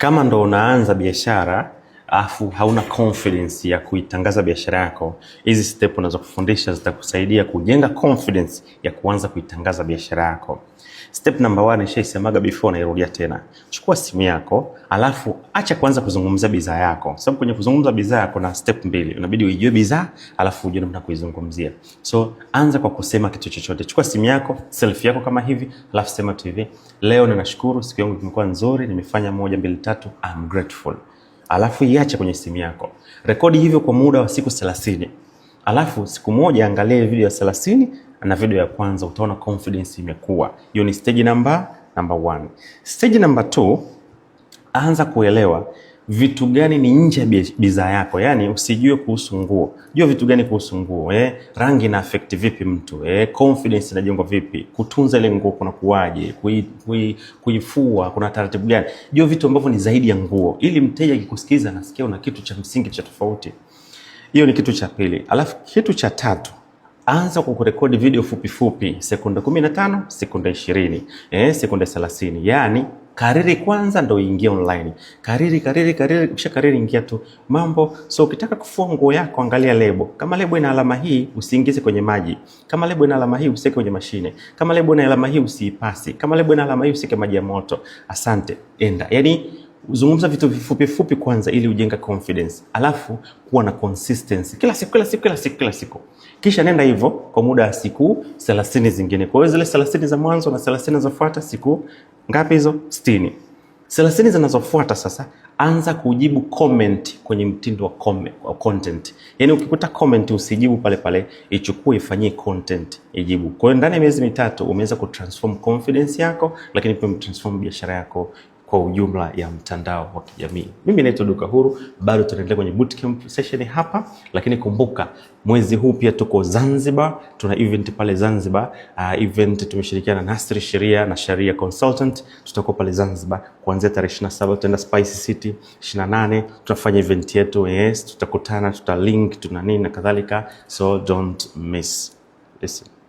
Kama ndo unaanza biashara afu hauna confidence ya kuitangaza biashara yako, hizi step unazokufundisha zitakusaidia kujenga confidence ya kuanza kuitangaza biashara yako. Step number one nishaisemaga before, nairudia tena. Chukua simu yako, alafu acha kwanza kuzungumza bidhaa yako, sababu kwenye kuzungumza bidhaa kuna step mbili, unabidi uijue bidhaa alafu ujue namna kuizungumzia. So anza kwa kusema kitu chochote. Chukua simu yako, selfie yako kama hivi, alafu sema TV, leo ninashukuru siku yangu imekuwa nzuri, nimefanya moja mbili tatu, I'm grateful alafu iache kwenye simu yako. Rekodi hivyo kwa muda wa siku 30. Alafu siku moja angalia video ya 30 na video ya kwanza, utaona confidence imekuwa. Hiyo ni stage number number 1. Stage number 2, anza kuelewa vitu gani ni nje ya bidhaa yako, yani usijue kuhusu nguo, jua vitu gani kuhusu nguo eh? Rangi na affect vipi mtu eh? Confidence inajengwa vipi? Kutunza ile nguo kuna kuwaje? Kuifua kui, kuna taratibu gani? Jua vitu ambavyo ni zaidi ya nguo, ili mteja akikusikiliza anasikia una kitu cha msingi cha tofauti. Hiyo ni kitu cha pili, alafu kitu cha tatu Anza kwa kurekodi video fupi fupi, sekunde 15, sekunde 20, eh, sekunde 30, yani kariri kwanza ndo ingie online. Kariri, kariri, kariri, kisha kariri, ingia tu mambo. So ukitaka kufua nguo yako angalia lebo. Kama lebo ina alama hii usiingize kwenye maji. Kama lebo ina alama hii usiweke kwenye mashine. Kama lebo ina alama hii usiipasi. Kama lebo ina alama hii usiweke maji ya moto. Asante, enda. yani, zungumza vitu vifupi fupi kwanza, ili ujenga confidence, alafu kuwa na consistency kila siku kila siku kila siku kila siku, kisha nenda hivyo kwa muda wa siku 30 zingine. Kwa hiyo zile 30 za mwanzo na 30 zinazofuata, siku ngapi hizo? 60. 30 zinazofuata sasa, anza kujibu comment kwenye mtindo wa comment, wa content. Yaani ukikuta comment usijibu pale pale, ichukue ifanyie content ijibu. Kwa hiyo ndani ya miezi mitatu umeweza kutransform confidence yako, lakini pia umetransform biashara yako kwa ujumla ya mtandao wa kijamii. Mimi naitwa Duka Huru, bado tunaendelea kwenye bootcamp session hapa, lakini kumbuka mwezi huu pia tuko Zanzibar, tuna event pale Zanzibar. Uh, event tumeshirikiana na Nasri Sheria na Sharia Consultant. Tutakuwa pale Zanzibar kuanzia tarehe 27 tutaenda Spice City, 28 tutafanya event yetu. Yes, tutakutana, tutalink, tuna nini na kadhalika, so don't miss. Listen.